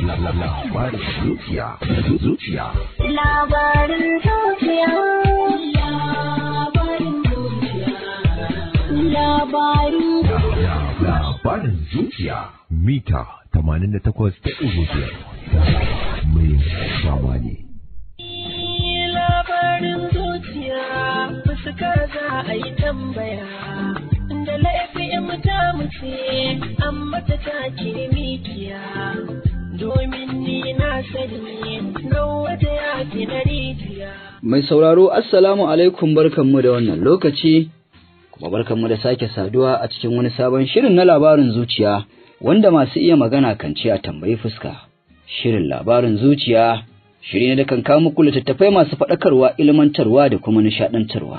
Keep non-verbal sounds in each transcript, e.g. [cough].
Labarin zuciya, zuciya. Labarin zuciya. Labarin zuciya. Labarin zuciya. Labarin zuciya. Mita tamanin da takwas ta biyar. Mai shawa ne. Labarin zuciya, fuskar za a yi tambaya. ta Mai sauraro Assalamu alaikum barkanmu da wannan lokaci kuma barkanmu da sake saduwa a cikin wani sabon shirin na labarin zuciya wanda masu iya magana kan ci a tambayi fuska. Shirin labarin zuciya shiri ne da kan kawo muku littattafai masu faɗakarwa ilmantarwa da kuma nishaɗantarwa.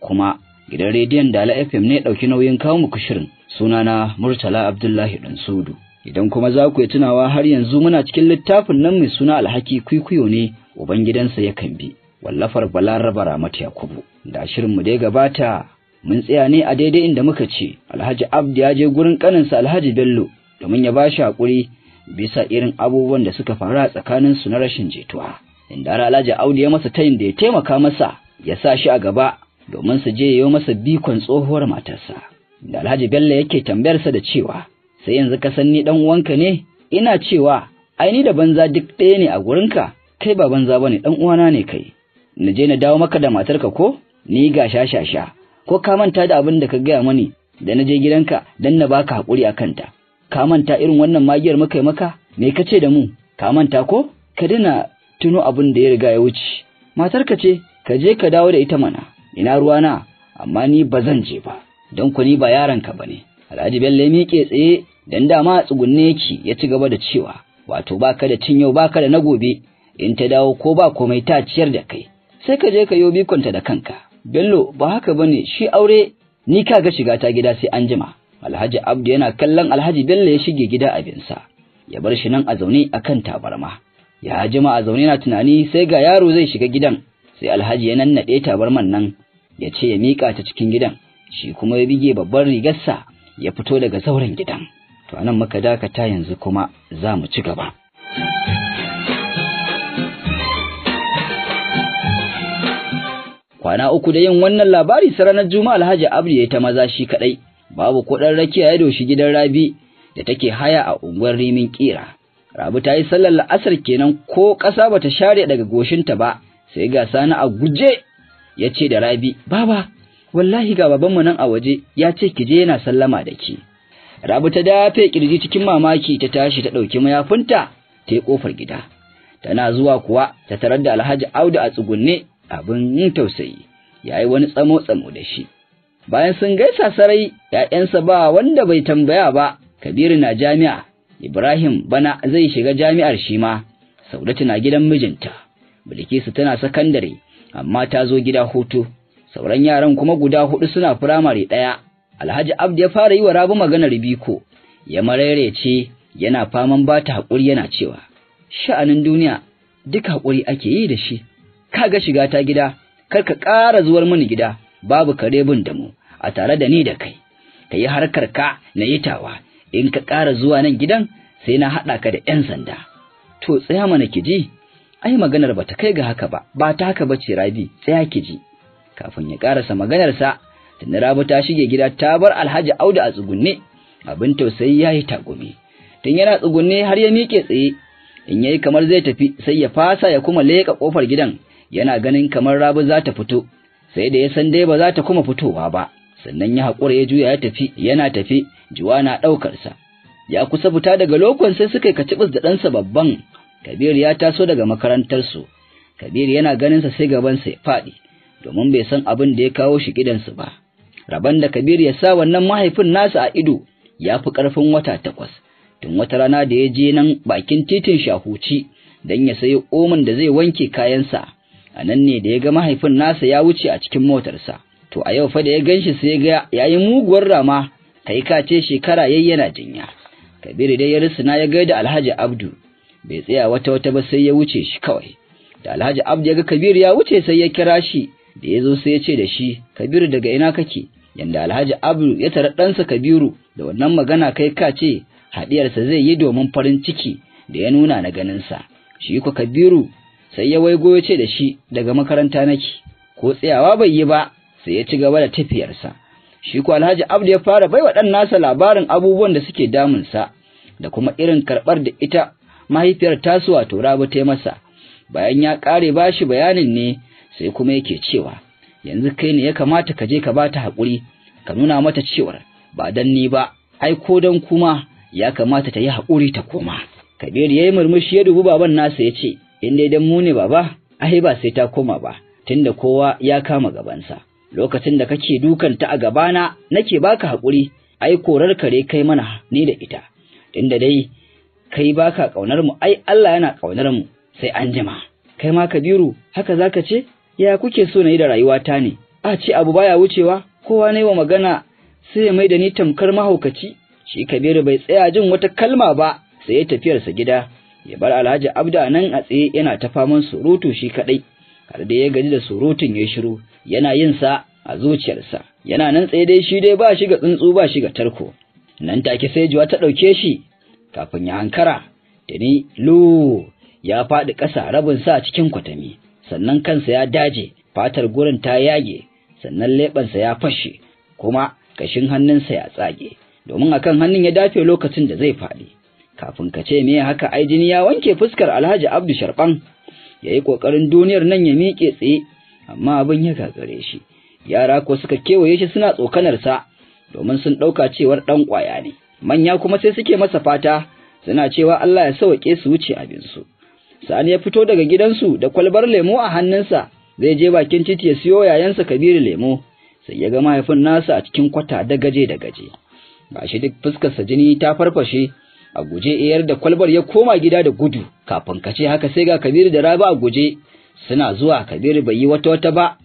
Kuma gidan rediyon Dala FM ne ɗauki nauyin kawo muku shirin sunana Murtala Abdullahi Sudu. Idan kuma za ku yi tunawa har yanzu muna cikin littafin nan mai suna alhaki kwikwiyo ne Ubangidansa ya bi wallafar Balaraba Ramat Yakubu. Da shirin mu da ya gabata mun tsaya ne a daidai inda muka ce Alhaji Abdi ya je gurin kaninsa Alhaji Bello domin ya ba shi haƙuri bisa irin abubuwan da suka faru a tsakanin su na rashin jituwa. Inda Alhaji Audu ya masa tayin da ya taimaka masa ya sa shi a gaba domin su je yayo masa bikon tsohuwar matarsa da Alhaji Bello yake tambayarsa da cewa sai yanzu ka san ni dan uwanka ne ina cewa ai ni da banza duk ɗaya ne a gurinka kai ba banza bane dan uwana ne kai na je na dawo maka da matarka ko ni ga shashasha ko ka manta da abin da ka gaya mani da na je gidanka dan na baka hakuri a kanta? ka manta irin wannan magiyar muka yi maka me ce da mu ka manta ko ka dina tuno abin da ya riga ya wuce matarka ce ka je ka dawo da ita mana ina ruwa na? amma ni ba zan je ba don ku ni ba yaranka ba ne alhaji bello ya miƙe tsaye dan dama a tsugunne yake ya ci gaba da cewa wato baka da cin yau baka da na gobe in ta dawo ko ba komai ta ciyar da kai sai ka je ka yo bikonta da kanka bello ba haka ba ne, shi aure ni ka ga shiga ta gida sai an jima alhaji abdu yana kallon alhaji bello ya shige gida abinsa ya bar shi nan a zaune akan tabarma ya jima a zaune na tunani sai ga yaro zai shiga gidan sai alhaji ya nannaɗe tabarman nan ya ce ya miƙa ta cikin gidan shi kuma ya bige babban rigarsa ya fito daga sauran gidan to anan muka dakata yanzu kuma za mu ci gaba kwana uku da yin wannan labari saranar juma alhaji abdu ya ta maza shi kaɗai, babu kuɗin rakiya ya doshi gidan rabi da take haya a unguwar rimin kira Rabi ta yi sallar la'asar kenan ko ƙasa bata share daga goshinta ba sai ga sani a guje ya ce da Rabi, "Baba, wallahi ga babanmu nan a waje ya ce ki je yana sallama da ke." Rabu ta dafe kirji cikin mamaki ta tashi ta ɗauki mayafinta ta yi ƙofar gida. Tana zuwa kuwa ta tarar da Alhaji Audu a tsugunne abin tausayi, ya yi wani tsamo-tsamo da shi. Bayan sun gaisa sarai, ‘ya'yansa ba wanda bai tambaya ba, Kabiru na jami'a, Ibrahim bana zai shiga jami'ar shi ma, Saudatu na gidan mijinta, Bilkisu tana sakandare, amma ta zo gida hutu sauran yaran kuma guda hudu suna firamare ɗaya alhaji Abdu ya fara yi wa rabu maganar biko ya mararece yana faman ba ta haƙuri yana cewa sha'anin duniya duk haƙuri ake yi da shi Ka ga shiga ta gida kar ka ƙara zuwar mini gida babu karebin da mu a tare da ni da kai ka yi harkar ka na yi tawa in ka ƙara zuwa nan gidan sai na haɗa ka da 'yan sanda to tsaya mana ki ji ai maganar bata kai ga haka ba ba ta haka bace Rabi tsaya ki ji kafin ya karasa maganar sa tunda Rabi ta shige gida ta bar Alhaji Audu a tsugunne abin tausayi yayi takumi tun yana tsugunne har ya miƙe tsaye in yayi kamar zai tafi sai ya fasa ya kuma leka kofar gidan yana ganin kamar Rabi za ta fito sai da ya san dai ba za ta kuma fitowa ba sannan ya haƙura ya juya ya tafi yana tafi juwa na ɗaukarsa. ya kusa fita daga lokon sai suka kaci da ɗansa babban Kabir ya taso daga makarantar su. Kabir yana ganinsa sai gabansa ya faɗi, domin bai san abin da ya kawo shi gidansu ba. Rabon da Kabir ya sa wannan mahaifin nasa a ido ya fi ƙarfin wata takwas, tun wata rana da ya je nan bakin titin shahuci don ya sayi omin da zai wanke kayansa. A nan ne da ya ga mahaifin nasa ya wuce a cikin motarsa. To a yau fa da ya ganshi sai ga yayi muguwar rama kai ka ce shekara yayyana jinya. Kabir dai ya risina ya gaida Alhaji Abdu. bai tsaya wata wata ba sai ya wuce shi kawai da Alhaji Abdu ya ga Kabir ya wuce sai ya kira shi da ya zo sai ya ce da shi Kabir daga ina kake yanda Alhaji Abdu ya tara ɗansa Kabiru da wannan magana kai ka ce Haɗiyarsa zai yi domin farin ciki da ya nuna na ganinsa shi ko Kabiru sai ya waigo ya ce da shi daga makaranta nake ko tsayawa bai yi ba sai ya ci gaba da tafiyarsa shi ko Alhaji Abdu ya fara baiwa ɗan nasa labarin abubuwan da suke damunsa da kuma irin karɓar da ita mahaifiyar tasu wato rabu ta masa bayan ya kare bashi bayanin ne sai kuma yake cewa yanzu kai ne ya kamata ka je ka ba ta haƙuri ka nuna mata cewar ba dan ni ba ai ko dan kuma ya kamata ta yi haƙuri ta koma kabiru yayi murmushi ya dubi baban nasa ya ce in dai dan mu ne baba ai ba sai ta koma ba tunda kowa ya kama gabansa lokacin da kake dukanta a gabana nake baka haƙuri ai korar kare kai mana ni da ita tunda dai kai baka kaunar mu ai Allah yana kaunar mu sai an jima kai ma kabiru haka zaka ce ya kuke so na yi da ta ne a ce abu baya wucewa kowa ne wa magana sai ya mai da ni tamkar mahaukaci shi kabiru bai tsaya jin wata kalma ba sai ya tafiyarsa gida ya bar alhaji abda nan a tsaye yana ta faman surutu shi kaɗai. har da ya gaji da surutun ya shiru yana yin sa a zuciyarsa yana nan tsaye dai shi dai ba shi ga tsuntsu ba shi ga tarko nan take sai juwa ta ɗauke shi kafin ya hankara tuni lu ya faɗi ƙasa rabin sa cikin kwatami sannan kansa ya daje fatar gurin ta yage sannan leɓensa ya fashe kuma kashin hannunsa ya tsage domin akan hannun ya dafe lokacin da zai faɗi kafin ka ce me haka ai jini ya wanke fuskar alhaji abdu sharban ya yi ƙoƙarin duniyar nan ya miƙe tsaye amma abin ya gagare shi yara ko suka kewaye shi suna tsokanarsa domin sun ɗauka cewar ɗan ƙwaya ne manya kuma sai suke masa fata suna cewa Allah ya sauke su wuce abinsu sani ya fito daga gidansu da kwalbar lemo a hannunsa zai je bakin titi ya siyo yayansa kabiru lemo sai ya ga mahaifin nasa a cikin kwata da gaje da gaje gashi duk fuskarsa jini ta farfashe a guje iyar da kwalbar ya koma gida da gudu kafin kace haka sai ga kabiru da rabi a guje suna zuwa kabiru bai yi wata wata ba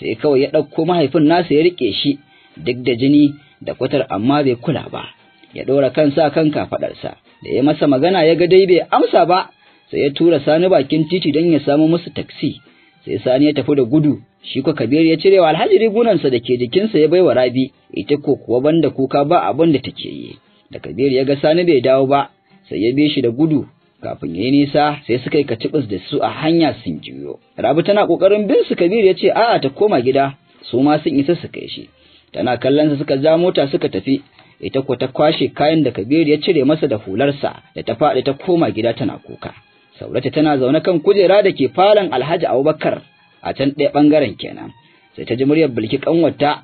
sai kawai ya ɗauko mahaifin nasa ya riƙe shi duk da jini da kwatar amma bai kula ba ya ɗora kansa kan kafaɗarsa da ya masa magana ya ga dai bai amsa ba sai ya tura sani bakin titi don ya samu musu taksi sai sani ya tafi da gudu shi ko kabiru ya wa alhaji rigunansa da ke jikinsa ya bai wa rabi ita ko kuwa banda kuka ba abin da take yi da Kabiru ya ga sani bai dawo ba sai ya bi shi da gudu kafin ya yi nisa sai suka yi kacibis da su a hanya sun juyo rabi tana kokarin bin su Kabiru ya ce a'a ta koma gida su ma sun isa su kai shi tana kallon su suka ja mota suka tafi ita ko ta kwashe kayan da Kabir ya cire masa da hularsa da ta faɗi ta koma gida tana kuka. Saurata tana zaune kan kujera da ke falon Alhaji Abubakar a can ɗaya ɓangaren kenan. Sai ta ji muryar Bilki ƙanwarta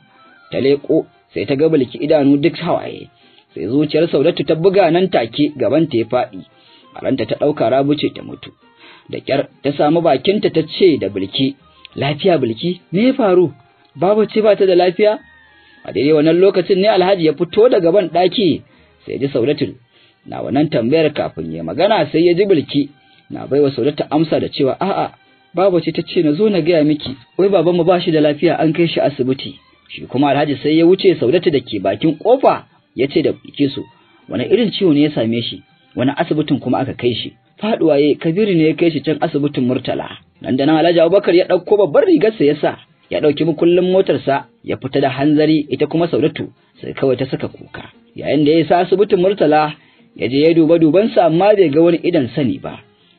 ta leƙo sai ta ga Bilki idanu duk hawaye. Sai zuciyar Saudatu ta buga nan take gaban ta ya faɗi. A ta ɗauka rabu ce ta mutu. Da ƙyar ta samu bakinta ta ce da Bilki, "Lafiya Bilki, me ya faru? Babu ce ba ta da lafiya?" a daidai wannan lokacin ne alhaji ya fito daga ban ɗaki sai ji sauratul na wannan tambayar kafin ya magana sai ya ji bilki na baiwa saurata amsa da cewa a'a babu ce ta ce na zo na gaya miki wai babanmu ba shi da lafiya an kai shi asibiti shi kuma alhaji sai ya wuce saudata da ke bakin kofa ya ce da bilkisu wani irin ciwo ne ya same shi wani asibitin kuma aka kai shi faduwa ya kabiru ne ya kai shi can asibitin murtala nan da nan alhaji abubakar ya ɗauko babbar rigarsa ya sa ya ɗauki mukullin motarsa ya fita da hanzari ita kuma saudatu sai kawai ta saka kuka yayin da ya sa asibitin murtala ya je ya duba dubansa amma bai ga wani idan sani ba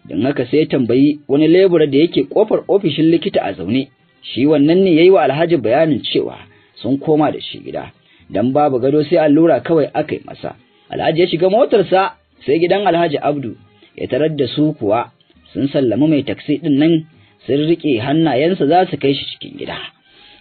don haka sai ya tambayi wani lebura da yake kofar ofishin likita a zaune shi wannan ne ya yi wa alhaji bayanin cewa sun koma da shi gida dan babu gado sai allura kawai aka yi masa alhaji ya shiga motarsa sai gidan alhaji abdu ya tarar da su kuwa sun sallami mai taksi ɗin nan sun riƙe hannayensa za su kai shi cikin gida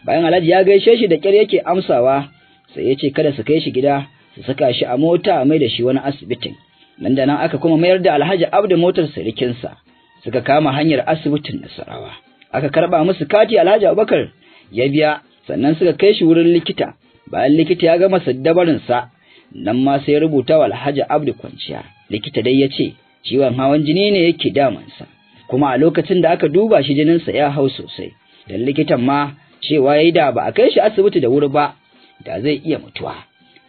bayan alhaji ya gaishe shi da ƙyar yake amsawa sai ya ce kada su kai shi gida su saka shi a mota mai da shi wani asibitin nan da nan aka kuma mayar da alhaji Abdu motar sirikinsa suka kama hanyar asibitin nasarawa aka karɓa musu kati alhaji abubakar ya biya sannan suka kai shi wurin likita bayan likita ya gama saddabarinsa nan ma sai ya rubuta wa alhaji abdu kwanciya likita dai ya ce ciwon hawan jini ne yake damansa kuma a lokacin da aka duba shi jininsa ya hau sosai don likitan ma cewa yayi da ba a kai shi asibiti da wuri ba da zai iya mutuwa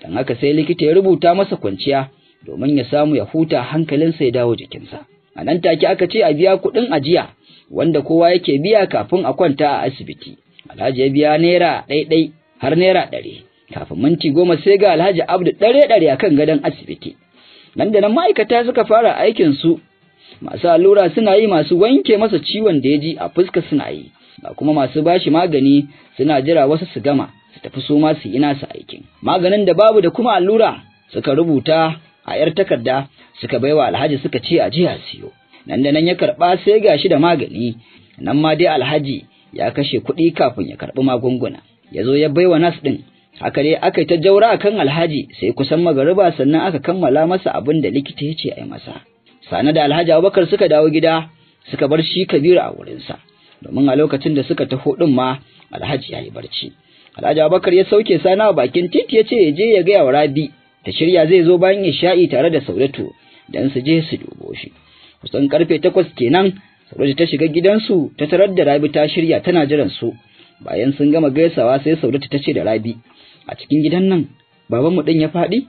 don haka sai likita ya rubuta masa kwanciya domin ya samu ya huta hankalinsa ya dawo jikinsa a nan take aka ce a biya kuɗin ajiya wanda kowa yake biya kafin a kwanta a asibiti alhaji ya biya naira ɗaiɗai har naira ɗari kafin minti goma sai ga alhaji Abdul ɗare ɗare akan gadon asibiti nan da nan ma'aikata suka fara aikin su masu allura suna yi masu wanke masa ciwon da ya ji a fuska suna yi ba kuma masu bashi magani suna jira wasu su gama su tafi su ma su yi nasu aikin maganin da babu da kuma allura suka rubuta a yar takarda suka baiwa alhaji suka ce a jiya siyo nan da nan ya karɓa sai shi da magani nan ma dai alhaji ya kashe kuɗi kafin ya karɓi magunguna ya zo ya baiwa nas ɗin. haka dai aka yi ta jaura kan alhaji sai kusan magariba sannan aka kammala masa abin da likita ya ce a yi masa sani da alhaji abubakar suka dawo gida suka bar shi kabiru a wurinsa domin a lokacin da suka taho ɗin ma alhaji ya yi barci alhaji abubakar ya sauke sana a bakin titi ya ce ya je ya gaya wa rabi ta shirya zai zo bayan ya sha'i tare da sauratu don su je su dubo shi kusan karfe takwas kenan sauratu ta shiga gidansu ta tarar da rabi ta shirya tana jiran su bayan sun gama gaisawa sai sauratu ta ce da rabi a cikin gidan nan babanmu ɗin ya faɗi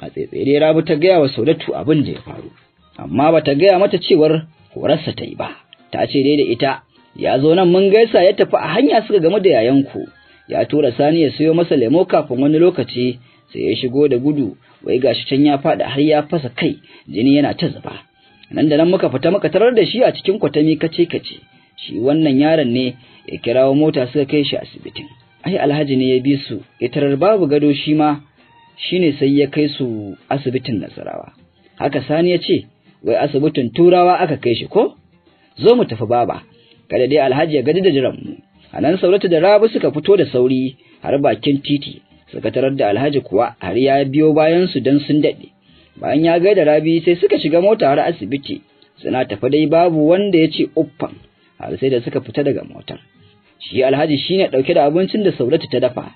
a tsetsere rabi ta gaya wa sauratu abin da ya faru amma bata gaya mata cewar horarsa ta yi ba ta ce dai da ita ya zo nan mun gaisa ya tafi a hanya suka gamu da yayanku ya tura sani ya sayo masa lemo kafin wani lokaci sai ya shigo da gudu wai gashi can ya faɗi har ya fasa kai jini yana ta zuba nan da nan muka fita muka tarar da shi a cikin kwatami kace kace shi wannan yaron ne ya kirawo mota suka kai shi asibitin ai alhaji ne ya bi su ya tarar babu gado shi ma shine sai ya kai su asibitin nasarawa haka sani ya ce wai asibitin turawa aka kai shi ko zo mu tafi baba kada dai alhaji ya gadi da jiran mu anan sauratu da rabu suka fito da sauri har bakin titi suka tarar da alhaji kuwa har ya biyo bayansu su dan sun daɗe. bayan ya ga da rabi sai suka shiga mota har asibiti suna tafi dai babu wanda ya ce uffan har sai da suka fita daga motar shi alhaji shine ɗauke da abincin da sauratu ta dafa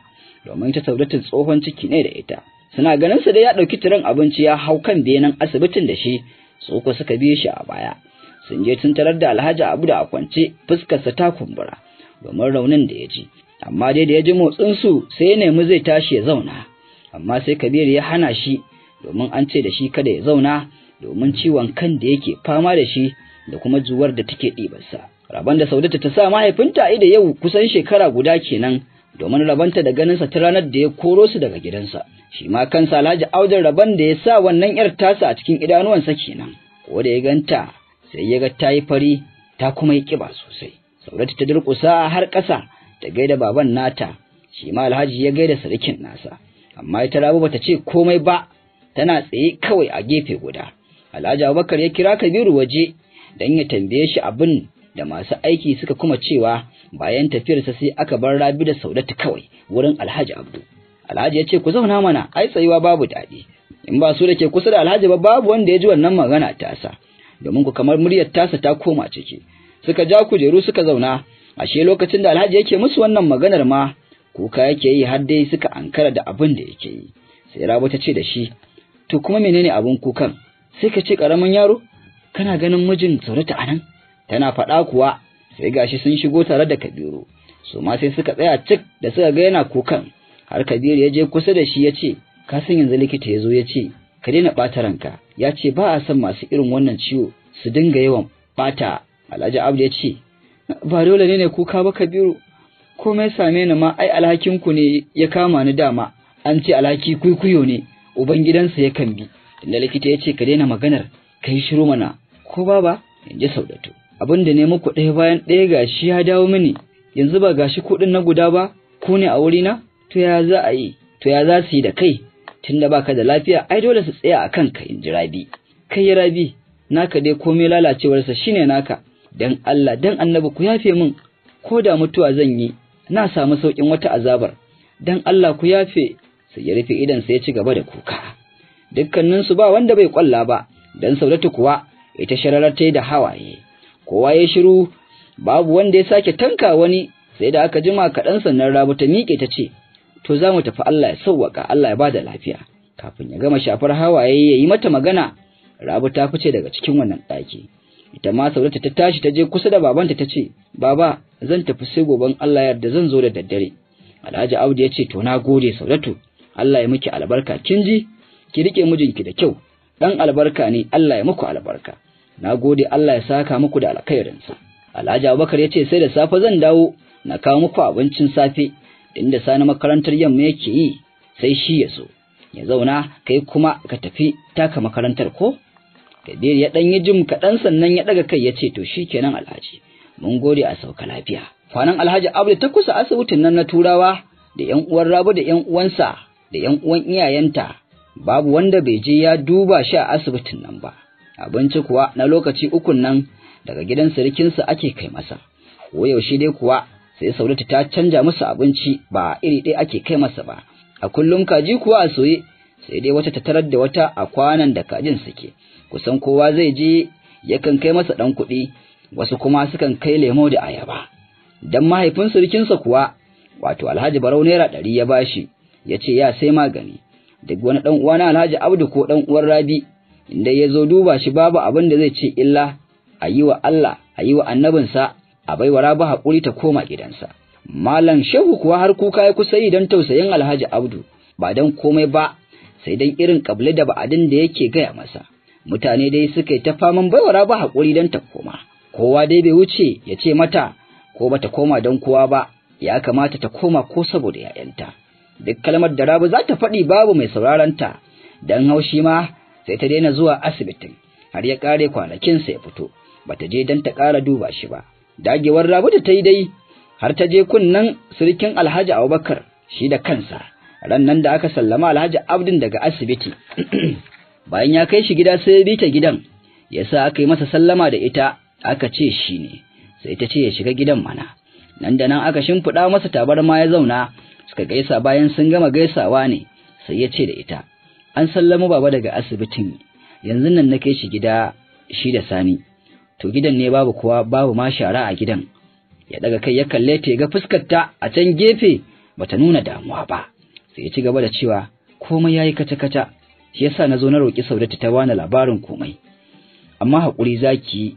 domin ta sauratu tsohon ciki ne da ita suna ganin su da ya ɗauki tiran abinci ya hau kan benen asibitin da shi su suka bi shi a baya sun je tun tarar da alhaji abu da a kwance fuskarsa ta kumbura domin raunin da ya ji amma dai da ya ji motsin su sai ya nemi zai tashi ya zauna amma sai kabiru ya hana shi domin an ce da shi kada ya zauna domin ciwon kan da yake fama da shi da kuma juwar da take ɗibarsa rabon da saudata ta sa mahaifinta ida da yau kusan shekara guda kenan domin rabanta da ganinsa ta ranar da ya koro su daga gidansa shi ma kansa Alhaji Audu rabon da ya sa wannan yar tasa a cikin idanuwansa kenan ko da ya ganta sai ya ga ta yi fari ta kuma yi ƙiba sosai saurata ta durƙusa har ƙasa ta gaida baban nata shi ma Alhaji ya gaida sarkin nasa amma ita Rabu bata ce komai ba tana tsaye kawai a gefe guda Alhaji Abubakar ya kira Kabiru waje dan ya tambaye shi abin da masu aiki suka kuma cewa bayan tafiyarsa sai aka bar rabi da saudatu kawai wurin alhaji abdu alhaji ya ce ku zauna mana ai tsayuwa babu daɗi in ba su da ke kusa da alhaji ba babu wanda ya ji wannan magana tasa domin ku kamar muryar tasa ta koma ciki suka ja kujeru suka zauna ashe lokacin da alhaji yake musu wannan maganar ma kuka yake yi har dai suka ankara da abin da yake yi sai rabu ta ce da shi to kuma menene abin kukan sai ka ce karamin yaro kana ganin mijin saurata anan tana faɗa kuwa sai gashi sun shigo tare da kabiru su ma sai suka tsaya cik da suka ga yana kukan har kabiru ya je kusa da shi ya ce ka san yanzu likita ya zo ya ce ka daina ɓata ranka ya ce ba a son masu irin wannan ciwo su dinga yawan ɓata alhaji abdu ya ce ba dole ne kuka ba kabiru komai same ni ma ai alhakin ku ne ya kama ni dama an ce alhaki kuikuyo ne ubangidansa ya kan bi da likita ya ce ka daina maganar ka yi shiru mana ko baba in ji saudatu abin da ne muku ɗaya bayan ɗaya ga shi ya dawo mini yanzu ba gashi kuɗin na guda ba ku ne a wurina to ya za a yi to ya za su yi da kai tunda baka da lafiya ai dole su tsaya a kanka in ji rabi kai ya rabi naka dai komai lalacewarsa shine naka dan Allah dan annabi ku yafe min ko da mutuwa zan yi na samu saukin wata azabar dan Allah ku yafe sai ya rufe idan sai ya ci gaba da kuka dukkaninsu ba wanda bai kwalla ba dan saudatu kuwa ita shararar ta da hawaye kowa ya shiru babu wanda ya sake tanka wani sai da aka jima kaɗan sannan rabu ta miƙe ta ce to za mu tafi Allah ya sauwaka Allah ya bada lafiya kafin ya gama shafar hawaye ya yi mata magana rabu ta fice daga cikin wannan ɗaki ita ma saurata ta tashi ta je kusa da babanta ta ce baba zan tafi sai goben Allah yarda zan zo da daddare Alhaji Audu ya ce to na gode saurato Allah ya miki albarka kin ji ki rike mijinki da kyau dan albarka ne Allah ya muku albarka na gode Allah ya saka muku da alkhairinsa Alhaji Abubakar ya ce sai da safe zan dawo na kawo muku abincin safe inda sani makarantar yamma yake yi sai shi ya zo ya zauna kai kuma ka tafi taka makarantar ko Kabir ya dan yi jim kaɗan sannan ya ɗaga kai ya ce to shikenan Alhaji mun gode a sauka lafiya kwanan Alhaji Abdu ta kusa asibitin nan na Turawa da ƴan uwan Rabu da ƴan uwansa da ƴan uwan iyayenta babu wanda bai je ya duba shi a asibitin nan ba abinci kuwa na lokaci ukun nan daga gidan sirikinsa ake kai masa ko yaushe dai kuwa sai saudatu ta canja musu abinci ba iri ɗaya ake kai masa ba a kullum kaji kuwa a soye sai dai wata ta tarar da wata a kwanan da kajin suke kusan kowa zai je yakan kai masa ɗan kuɗi wasu kuma sukan kai lemo da ayaba dan mahaifin sirikinsa kuwa wato alhaji barau naira ɗari ya bashi ya ce ya sai magani duk wani ɗan uwa na alhaji abdu ko ɗan uwar rabi da ya zo duba shi babu abin da zai ce illa a yi wa Allah a yi wa annabinsa a baiwa rabu haƙuri ta koma gidansa malam shehu kuwa har kuka ya kusa yi don tausayin alhaji abdu ba don komai ba sai don irin ƙabli da ba'adin da yake gaya masa mutane dai suka yi ta faman baiwa rabu haƙuri don ta koma kowa dai bai wuce ya ce mata ko bata koma don kowa ba ya kamata ta koma ko saboda 'ya'yanta duk kalmar da rabu za ta faɗi babu mai sauraron ta don haushi ma sai ta daina zuwa asibitin har ya kare kwanakin sa ya fito bata je dan ta kara duba shi ba dagewar rabu ta yi dai har ta je kunnan sirkin alhaji abubakar shi da kansa ran nan da aka sallama alhaji abdin daga asibiti [clears throat] bayan ya kai shi gida sai ya bi ta gidan ya sa aka yi masa sallama da ita aka ce shi ne sai ta ce ya shiga gidan mana nan da nan aka shimfiɗa masa tabarma ya zauna suka gaisa bayan sun gama gaisawa ne sai ya ce da ita an sallamo baba daga asibitin yanzu nan na kai shi gida shi da sani to gidan ne babu kuwa babu ma shara a gidan ya daga kai ya kalle ta ga fuskarta a can gefe bata nuna damuwa ba sai ya ci gaba da cewa komai yayi kata kata shi yasa na zo na roki Saudatu ta bani labarin komai amma hakuri zaki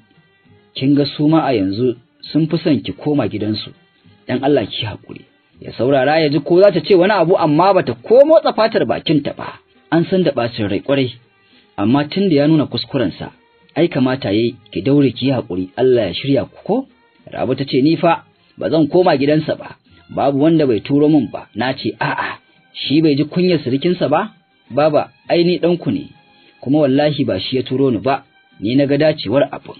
kin ga su ma a yanzu sun fi son ki koma gidansu dan Allah ki hakuri ya saurara ya ji ko za ta ce wani abu amma bata ko motsa fatar bakinta ba an san da bacin rai kwarai amma tun da ya nuna kuskurensa ai kamata yayi ki daure ki hakuri Allah ya shirya ku ko Rabu ta ce ni fa ba zan koma gidansa ba babu wanda bai turo min ba na ce a'a shi bai ji kunyar sirikinsa ba baba ai ni ku ne kuma wallahi ba shi ya turo ni ba ni na ga dacewar abu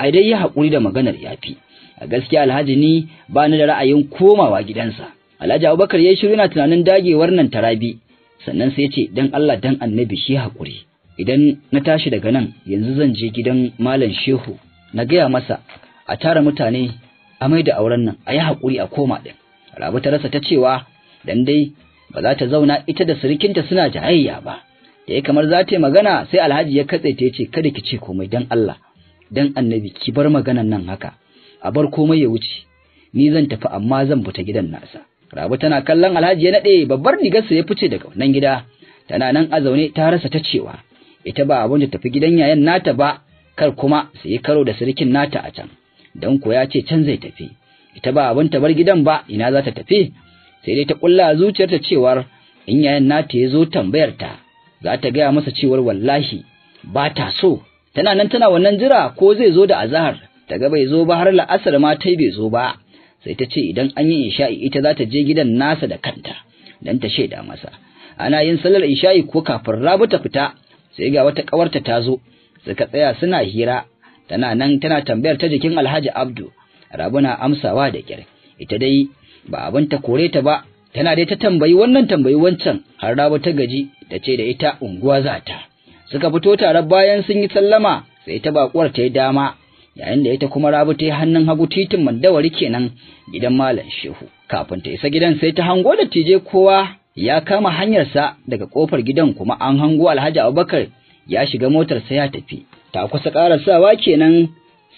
ai dai ya haƙuri da maganar yafi a gaskiya alhaji ni ba ni da ra'ayin komawa gidansa alhaji abubakar ya shiru yana tunanin dagewar nan tarabi sannan sai ya ce dan Allah dan annabi shi haƙuri idan na tashi daga nan yanzu zan je gidan malam shehu na gaya masa a tara mutane a mai da auren nan a yi haƙuri a koma ɗin rabu ta rasa ta cewa dan dai ba za ta zauna ita da sirikinta suna jahayya ba da ya kamar za ta yi magana sai alhaji ya katse ta ya ce kada ki ce komai dan Allah dan annabi ki bar maganan nan haka a bar komai ya wuce ni zan tafi amma zan fita gidan nasa Rabu tana kallon Alhaji ya nade babbar digarsa ya fice daga wannan gida. Tana nan a zaune ta rasa ta cewa ita ba abin da tafi gidan yayan nata ba kar kuma su yi karo da sirikin nata a can. Dan ko ya ce can zai tafi. Ita ba abin ta bar gidan ba ina za ta tafi. Sai dai ta kulla zuciyarta cewar in yayan nata ya zo tambayar ta za ta gaya masa cewar wallahi ba ta so. Tana nan tana wannan jira ko zai zo da azahar ta ga bai zo ba har la'asar ma yi bai zo ba. sai ta ce idan an yi isha'i ita za ta je gidan nasa da kanta dan ta shaida masa ana yin sallar isha'i ko kafin rabu ta fita sai ga wata kawarta ta zo suka tsaya suna hira tana nan tana tambayar ta jikin Alhaji Abdu rabu na amsawa da kyar ita dai ba abin ta kore ta ba tana dai ta tambayi wannan tambayi wancan har rabu ta gaji ta ce da ita unguwa za ta suka fito tare bayan sun yi sallama sai ta bakuwar ta yi dama yayin da ita kuma rabu ta yi hannun hagu titin mandawari kenan gidan malam shehu kafin ta isa gidan sai ta hango da tije kowa ya kama hanyarsa daga kofar gidan kuma an hango alhaji abubakar ya shiga motar sai ya tafi ta kusa karasawa kenan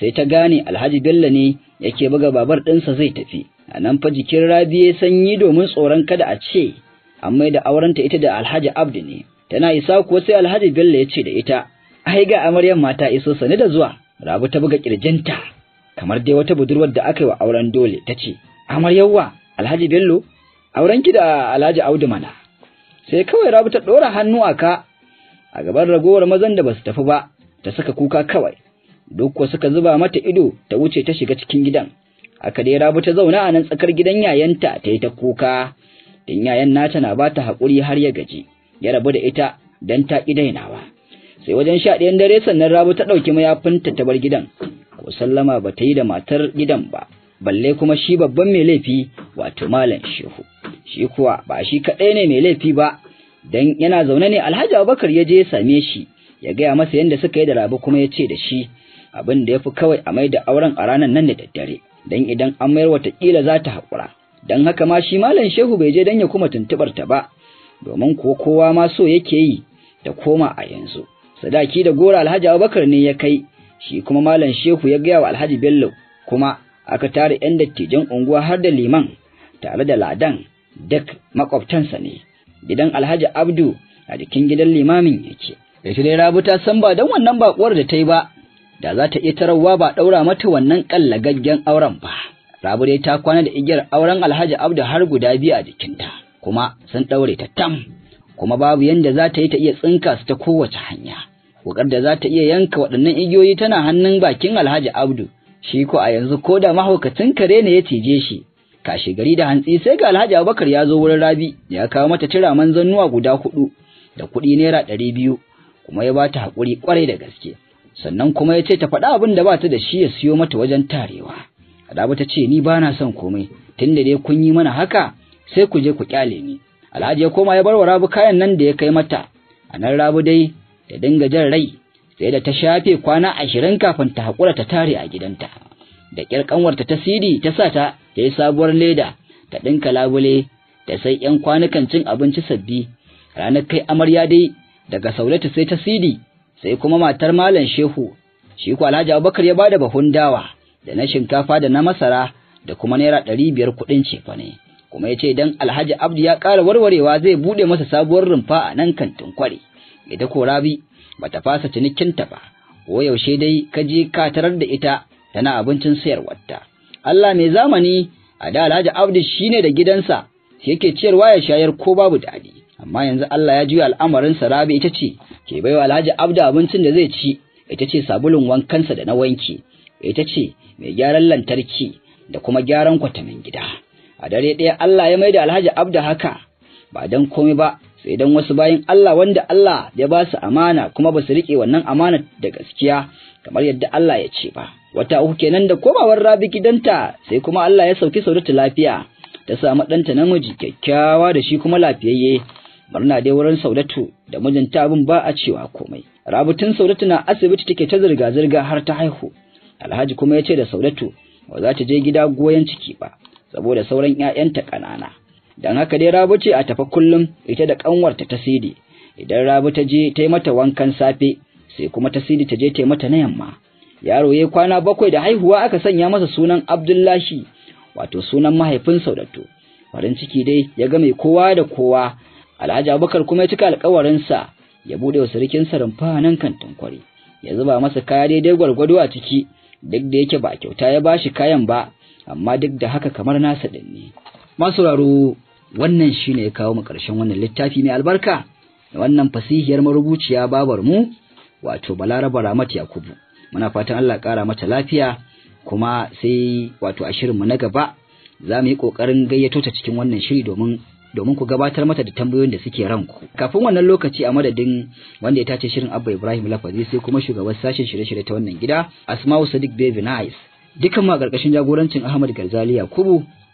sai ta gane alhaji bello ne yake buga babar ɗinsa zai tafi a nan fa jikin rabi ya sanyi domin tsoron kada a ce an mai da aurenta ita da alhaji abdu ne tana isa kuwa sai alhaji bello ya ce da ita ai ga amaryar mata iso sani da zuwa Rabu ta buga kirjinta kamar dai wata budurwar da aka yi wa auren dole ta ce, Amar yawwa, Alhaji Bello, aurenki da Alhaji Audu mana. Sai kawai Rabu ta ɗora hannu a ka a gaban ragowar mazan da ba su tafi ba, ta saka kuka kawai. Duk kuwa suka zuba mata ido ta wuce ta shiga cikin gidan. Aka dai Rabu ta zauna a nan tsakar gidan yayanta ta yi ta kuka. Tun yayan nata na ba ta haƙuri har ya gaji, ya rabu da ita don ta ƙi dainawa. sai wajen sha ɗayan dare sannan rabu ta ɗauki mayafinta ta bar gidan ko sallama ba ta yi da matar gidan ba balle kuma shi babban mai laifi wato malam shehu shi kuwa ba shi kaɗai ne mai laifi ba dan yana zaune ne alhaji abubakar ya je ya same shi ya gaya masa yadda suka yi da rabu kuma ya ce da shi abin da ya fi kawai a mai da auren a ranar nan da daddare dan idan an mayar watakila za ta haƙura dan haka ma shi malam shehu bai je dan ya kuma tuntuɓar ba domin kuwa kowa ma so yake yi ta koma a yanzu sadaki da gora alhaji abubakar ne ya kai shi kuma malam shehu ya gaya wa alhaji bello kuma aka tara yan dattijan unguwa har da liman tare da ladan duk makwabtansa ne gidan alhaji abdu a jikin gidan limamin ya ce ita dai rabu ta san ba don wannan bakuwar da ta yi ba da za ta iya tarawa ba ɗaura mata wannan ƙallagaggen auren ba rabu dai ta kwana da igiyar auren alhaji abdu har guda biyu a jikinta kuma sun ɗaure ta tam kuma babu yadda za ta yi ta iya tsinka su ta kowace hanya Wakar da za ta iya yanka waɗannan igiyoyi tana hannun bakin Alhaji Abdu, shi ko a yanzu ko da mahaukacin kare ne ya cije shi. Kashi gari da hantsi sai ga Alhaji Abubakar ya zo wurin Rabi, ya kawo mata cira zannuwa guda huɗu da kuɗi naira ɗari biyu, kuma ya ba ta haƙuri ƙwarai da gaske. Sannan kuma ya ce ta faɗa abin da ba ta da shi ya siyo mata wajen tarewa. Rabi ta ce ni ba na son komai, tunda dai kun yi mana haka sai ku je ku kyale ni. Alhaji ya koma ya bar wa Rabu kayan nan da ya kai mata. A nan Rabi dai ta dinga jin rai sai da ta shafe kwana ashirin kafin ta haƙura ta tare a gidanta da ƙyar ƙanwarta ta sidi ta sa ta ta yi sabuwar leda ta ɗinka labule ta sai ‘yan kwanukan cin abinci sabbi ranar kai amarya dai daga saulatu sai ta sidi sai kuma matar malam shehu shi ko alhaji abubakar ya ba da bahun dawa da na shinkafa da na masara da kuma naira ɗari biyar kuɗin cefane kuma ya ce don alhaji abdu ya ƙara warwarewa zai buɗe masa sabuwar rumfa a nan kantin kware ita ko rabi ba ta fasa cinikinta ba ko yaushe dai ka je ka tarar da ita tana abincin sayarwarta Allah mai zamani a da Alhaji Abdu shine da gidansa yake ciyarwa ya shayar ko babu daɗi. amma yanzu Allah ya juya al'amarin rabi ita ce ke bai wa Alhaji Abdu abincin da zai ci ita ce sabulun wankansa da na wanki ita ce mai gyaran lantarki da kuma gyaran kwatamin gida a dare ɗaya Allah ya maida Alhaji Abdu haka ba dan komai ba sai dan wasu bayan Allah wanda Allah ya ba su amana kuma ba su rike wannan amana da gaskiya kamar yadda Allah ya ce ba wata uku kenan da komawar Rabi gidanta sai kuma Allah ya sauki Saudatu lafiya ta samu ɗanta namiji kyakkyawa da shi kuma lafiyayye murna dai wurin Saudatu da mijinta abin ba a cewa komai rabutun Saudatu na asibiti take ta zirga zirga har ta haihu Alhaji kuma ya ce da Saudatu ba za ta je gida goyon ciki ba saboda sauran 'ya'yanta ƙanana dan haka dai Rabu ce a tafi kullum ita da kanwarta ta Sidi idan Rabu ta je ta yi mata wankan safe sai kuma ta Sidi ta je ta yi mata na yamma yaro yayi kwana bakwai da haihuwa aka sanya masa sunan Abdullahi wato sunan mahaifin Saudatu farin ciki dai ya ga mai kowa da kowa Alhaji Abubakar kuma ya cika sa, ya bude wa sa rumfa nan kan tankwari ya zuba masa kaya daidai gwargwado a ciki duk da yake ba kyauta ya bashi kayan ba amma duk da haka kamar nasa din ne masauraro wannan shine ya kawo mu ƙarshen wannan littafi mai albarka wannan fasihiyar marubuciya babar mu wato balaraba ramat yakubu muna fatan Allah ƙara mata lafiya kuma sai wato a shirinmu na gaba za mu yi ƙoƙarin gayyato ta cikin wannan shiri domin domin ku gabatar mata da tambayoyin da suke ranku kafin wannan lokaci a madadin wanda ya tace shirin abba ibrahim lafazi sai kuma shugaban sashen shirye-shirye ta wannan gida asma'u sadiq baby nice mu a ƙarƙashin jagorancin ahmad garzali yakubu